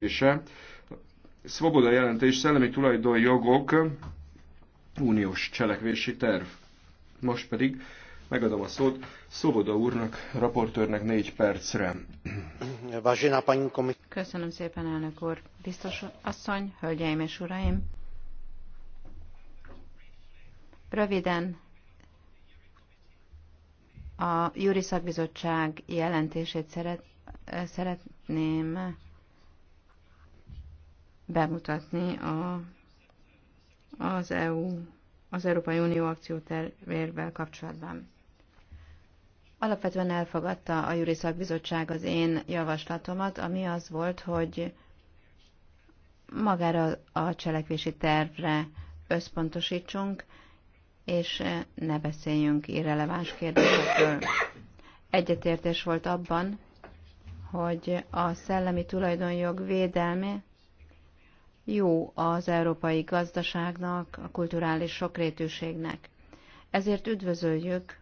jelentése. szvoboda jelentés, szellemi jogok, uniós cselekvési terv. Most pedig megadom a szót Szoboda úrnak, raportőrnek négy percre. Köszönöm szépen, elnök úr. Biztos asszony, hölgyeim és uraim. Röviden a Júri Szakbizottság jelentését szeret, szeretném bemutatni a, az EU, az Európai Unió akciótervével kapcsolatban. Alapvetően elfogadta a Júri Szakbizottság az én javaslatomat, ami az volt, hogy magára a cselekvési tervre összpontosítsunk, és ne beszéljünk irreleváns kérdésekről. Egyetértés volt abban, hogy a szellemi tulajdonjog védelme jó az európai gazdaságnak, a kulturális sokrétűségnek. Ezért üdvözöljük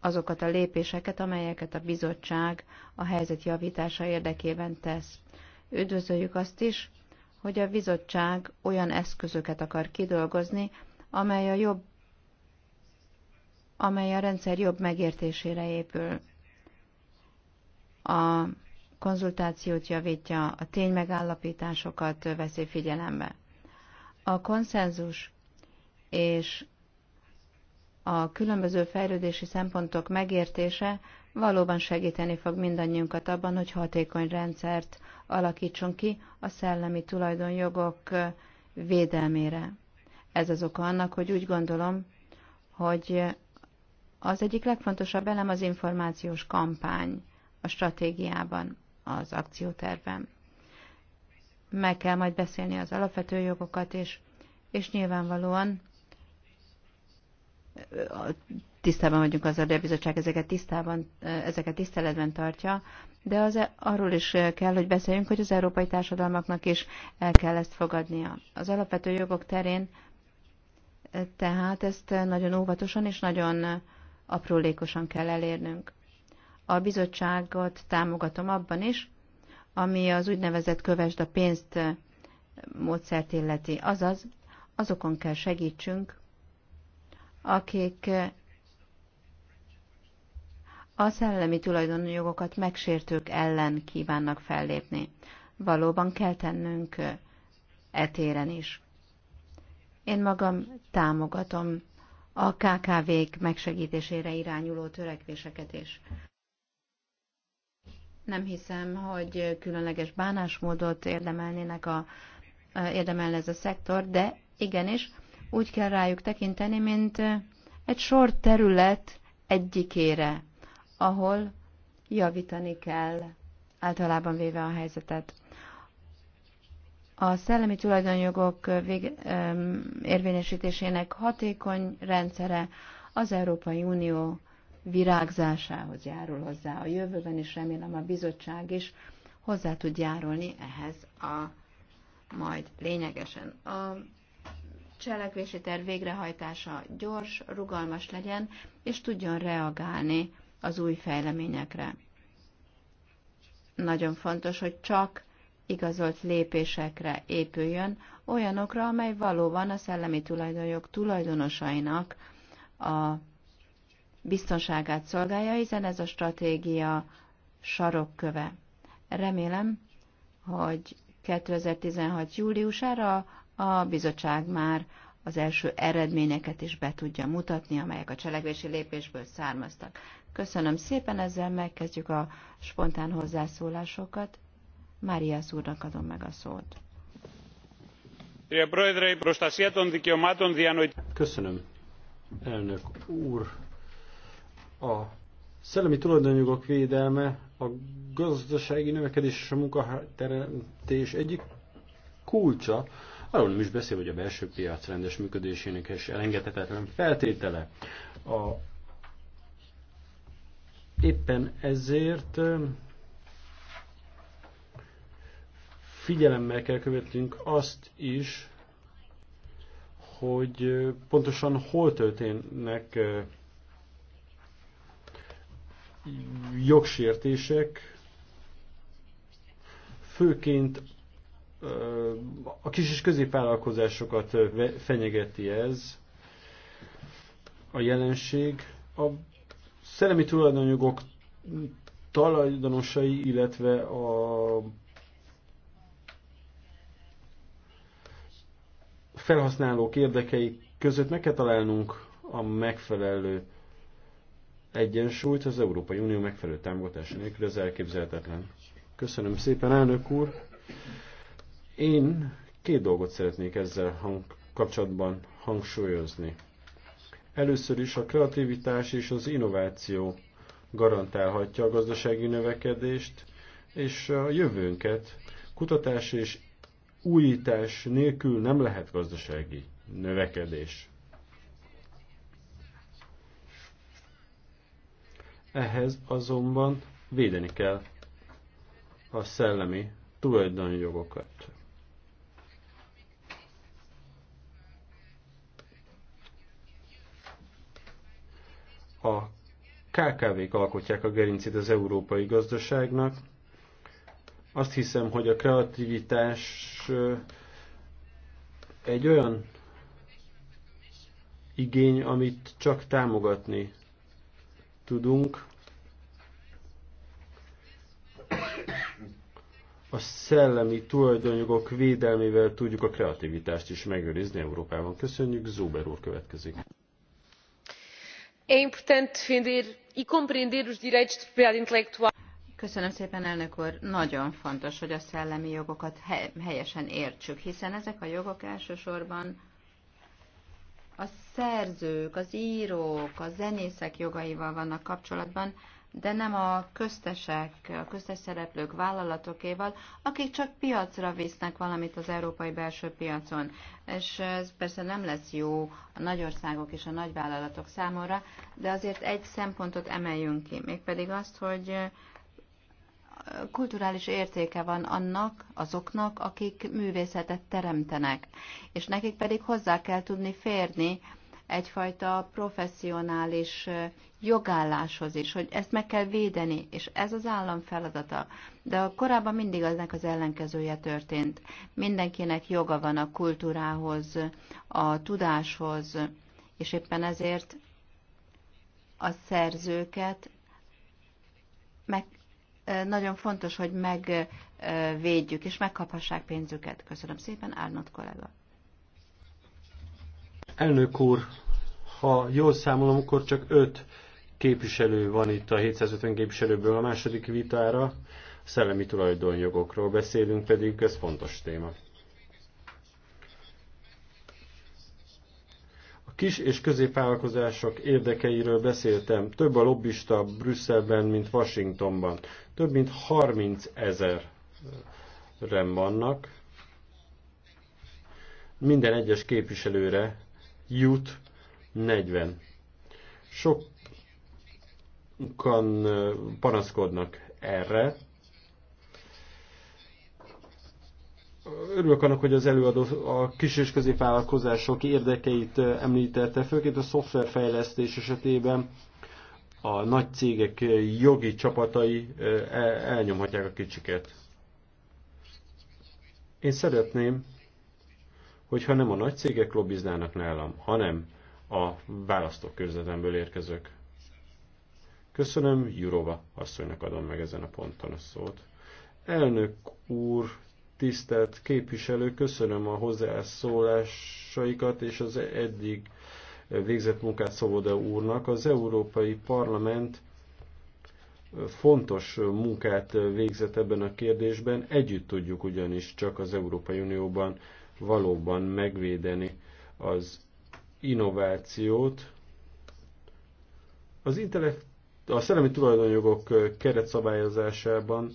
azokat a lépéseket, amelyeket a bizottság a helyzet javítása érdekében tesz. Üdvözöljük azt is, hogy a bizottság olyan eszközöket akar kidolgozni, amely a jobb amely a rendszer jobb megértésére épül. A konzultációt javítja, a ténymegállapításokat veszi figyelembe. A konszenzus és a különböző fejlődési szempontok megértése valóban segíteni fog mindannyiunkat abban, hogy hatékony rendszert alakítson ki a szellemi tulajdonjogok védelmére. Ez az oka annak, hogy úgy gondolom, hogy az egyik legfontosabb elem az információs kampány a stratégiában az akciótervem. Meg kell majd beszélni az alapvető jogokat, és, és nyilvánvalóan tisztában vagyunk azzal, hogy a bizottság ezeket, tisztában, ezeket tiszteletben tartja, de az, e- arról is kell, hogy beszéljünk, hogy az európai társadalmaknak is el kell ezt fogadnia. Az alapvető jogok terén tehát ezt nagyon óvatosan és nagyon aprólékosan kell elérnünk a bizottságot támogatom abban is, ami az úgynevezett kövesd a pénzt eh, módszert illeti. Azaz, azokon kell segítsünk, akik eh, a szellemi tulajdonjogokat megsértők ellen kívánnak fellépni. Valóban kell tennünk etéren eh, e is. Én magam támogatom a KKV-k megsegítésére irányuló törekvéseket is. Nem hiszem, hogy különleges bánásmódot érdemelnének a, érdemel ez a szektor, de igenis úgy kell rájuk tekinteni, mint egy sor terület egyikére, ahol javítani kell általában véve a helyzetet. A szellemi tulajdonjogok vég, érvényesítésének hatékony rendszere az Európai Unió virágzásához járul hozzá a jövőben, és remélem a bizottság is hozzá tud járulni ehhez a majd lényegesen. A cselekvési terv végrehajtása gyors, rugalmas legyen, és tudjon reagálni az új fejleményekre. Nagyon fontos, hogy csak igazolt lépésekre épüljön, olyanokra, amely valóban a szellemi tulajdonjog tulajdonosainak a biztonságát szolgálja, hiszen ez a stratégia sarokköve. Remélem, hogy 2016. júliusára a bizottság már az első eredményeket is be tudja mutatni, amelyek a cselekvési lépésből származtak. Köszönöm szépen, ezzel megkezdjük a spontán hozzászólásokat. Mária úrnak adom meg a szót. Köszönöm, elnök úr. A szellemi tulajdonjogok védelme a gazdasági növekedés és a munkateremtés egyik kulcsa, arról nem is beszél, hogy a belső piac rendes működésének és elengedhetetlen feltétele. A éppen ezért figyelemmel kell követnünk azt is, hogy pontosan hol történnek jogsértések főként a kis és középvállalkozásokat fenyegeti ez a jelenség. A szellemi tulajdonjogok tulajdonosai, illetve a felhasználók érdekei között meg kell találnunk a megfelelő egyensúlyt az Európai Unió megfelelő támogatása nélkül, ez elképzelhetetlen. Köszönöm szépen, elnök úr! Én két dolgot szeretnék ezzel hang kapcsolatban hangsúlyozni. Először is a kreativitás és az innováció garantálhatja a gazdasági növekedést és a jövőnket. Kutatás és újítás nélkül nem lehet gazdasági növekedés. Ehhez azonban védeni kell a szellemi tulajdonjogokat. A KKV-k alkotják a gerincét az európai gazdaságnak. Azt hiszem, hogy a kreativitás egy olyan igény, amit csak támogatni tudunk. A szellemi tulajdonjogok védelmével tudjuk a kreativitást is megőrizni Európában. Köszönjük, Zuber úr következik. É importante defender e compreender os direitos de propriedade intelectual. Köszönöm szépen, elnök úr. Nagyon fontos, hogy a szellemi jogokat helyesen értsük, hiszen ezek a jogok elsősorban a szerzők, az írók, a zenészek jogaival vannak kapcsolatban, de nem a köztesek, a köztes szereplők vállalatokéval, akik csak piacra visznek valamit az európai belső piacon. És ez persze nem lesz jó a nagyországok és a nagyvállalatok számára, de azért egy szempontot emeljünk ki, mégpedig azt, hogy kulturális értéke van annak, azoknak, akik művészetet teremtenek, és nekik pedig hozzá kell tudni férni egyfajta professzionális jogálláshoz is, hogy ezt meg kell védeni, és ez az állam feladata. De korábban mindig aznek az ellenkezője történt. Mindenkinek joga van a kultúrához, a tudáshoz, és éppen ezért a szerzőket meg nagyon fontos, hogy megvédjük és megkaphassák pénzüket. Köszönöm szépen, Árnott kollega. Elnök úr, ha jól számolom, akkor csak öt képviselő van itt a 750 képviselőből a második vitára. Szellemi tulajdonjogokról beszélünk, pedig ez fontos téma. kis és középvállalkozások érdekeiről beszéltem. Több a lobbista Brüsszelben, mint Washingtonban. Több mint 30 ezerren vannak. Minden egyes képviselőre jut 40. Sokan eh, panaszkodnak erre, Örülök annak, hogy az előadó a kis és középvállalkozások érdekeit eh, említette, főként a szoftverfejlesztés esetében a nagy cégek eh, jogi csapatai eh, elnyomhatják a kicsiket. Én szeretném, hogyha nem a nagy cégek lobbiznának nálam, hanem a választókörzetemből érkezők. Köszönöm, Jurova asszonynak adom meg ezen a ponton a szót. Elnök úr, tisztelt képviselő, köszönöm a hozzászólásaikat és az eddig végzett munkát Szoboda úrnak. Az Európai Parlament fontos munkát végzett ebben a kérdésben, együtt tudjuk ugyanis csak az Európai Unióban valóban megvédeni az innovációt. Az intellekt, a szellemi tulajdonjogok keretszabályozásában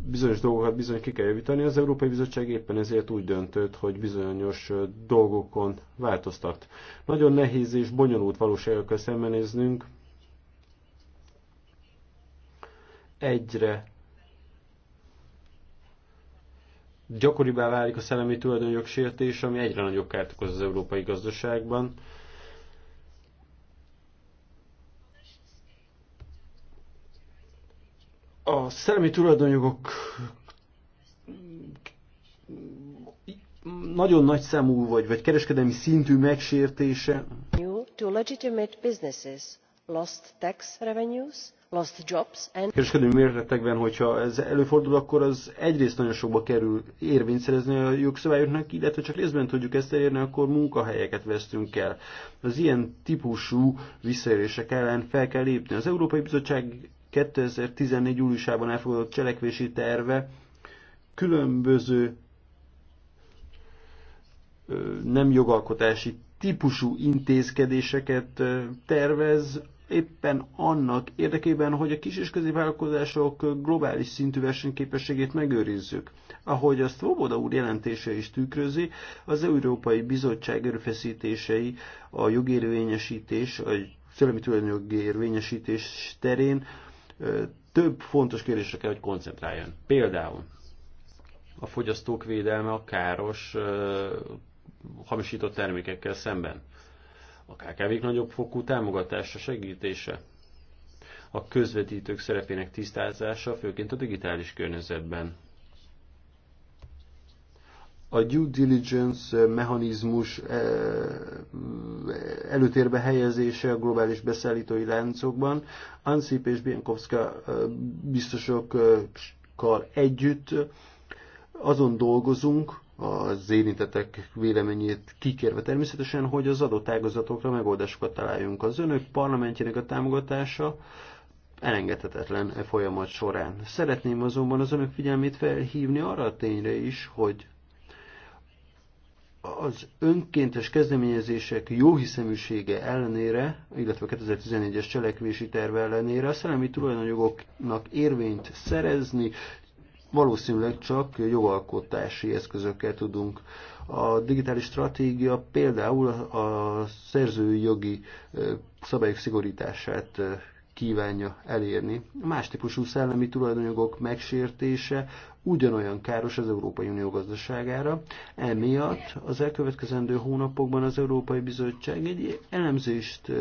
bizonyos dolgokat bizony ki kell javítani. Az Európai Bizottság éppen ezért úgy döntött, hogy bizonyos dolgokon változtat. Nagyon nehéz és bonyolult valóságokkal szembenéznünk. Egyre gyakoribbá válik a szellemi tulajdonjog sértés, ami egyre nagyobb kárt okoz az európai gazdaságban. a szellemi tulajdonjogok nagyon nagy számú vagy, vagy kereskedelmi szintű megsértése. To legitimate businesses lost tax revenues, lost jobs and... Kereskedelmi méretekben, hogyha ez előfordul, akkor az egyrészt nagyon sokba kerül érvényt szerezni a jogszabályoknak, illetve csak részben tudjuk ezt elérni, akkor munkahelyeket vesztünk el. Az ilyen típusú visszaérések ellen fel kell lépni. Az Európai Bizottság 2014 júliusában elfogadott cselekvési terve különböző nem jogalkotási típusú intézkedéseket tervez, éppen annak érdekében, hogy a kis és középvállalkozások globális szintű versenyképességét megőrizzük. Ahogy a Svoboda úr jelentése is tükrözi, az Európai Bizottság erőfeszítései a jogérvényesítés, a szellemi tulajdonjogi érvényesítés terén több fontos kérdésre kell, hogy koncentráljon. Például a fogyasztók védelme a káros hamisított termékekkel szemben. A kkv nagyobb fokú támogatása, segítése. A közvetítők szerepének tisztázása, főként a digitális környezetben a due diligence eh, mechanizmus eh, előtérbe helyezése a globális beszállítói láncokban. Ansip és Bienkowska eh, biztosokkal együtt azon dolgozunk, az érintetek véleményét kikérve természetesen, hogy az adott ágazatokra megoldásokat találjunk. Az önök parlamentjének a támogatása elengedhetetlen e folyamat során. Szeretném azonban az önök figyelmét felhívni arra a tényre is, hogy az önkéntes kezdeményezések jó hiszeműsége ellenére, illetve 2014-es cselekvési terve ellenére a szellemi tulajdonjogoknak érvényt szerezni valószínűleg csak jogalkotási eszközökkel tudunk. A digitális stratégia például a szerzői jogi szabályok szigorítását kívánja elérni. Más típusú szellemi tulajdonjogok megsértése ugyanolyan káros az Európai Unió gazdaságára. Emiatt az elkövetkezendő hónapokban az Európai Bizottság egy elemzést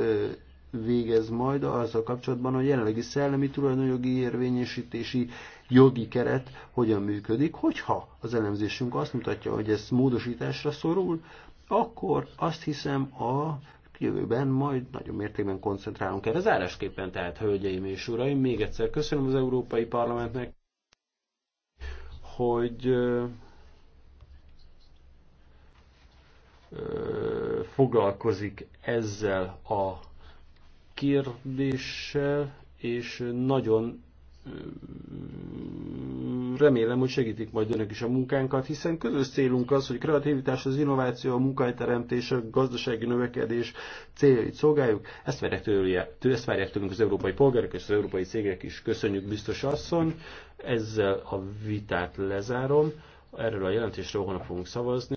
végez majd azzal kapcsolatban, hogy jelenlegi szellemi tulajdonjogi érvényesítési jogi keret hogyan működik. Hogyha az elemzésünk azt mutatja, hogy ez módosításra szorul, akkor azt hiszem a jövőben majd nagyon mértékben koncentrálunk erre. Zárásképpen tehát, hölgyeim és uraim, még egyszer köszönöm az Európai Parlamentnek, hogy foglalkozik ezzel a kérdéssel, és nagyon remélem, hogy segítik majd önök is a munkánkat, hiszen közös célunk az, hogy kreativitás, az innováció, a munkahelyteremtés, a gazdasági növekedés céljait szolgáljuk. Ezt várják, tőle, ezt várják tőlünk az európai polgárok és az európai cégek is. Köszönjük, biztos asszony. Ezzel a vitát lezárom. Erről a jelentésről holnap fogunk szavazni.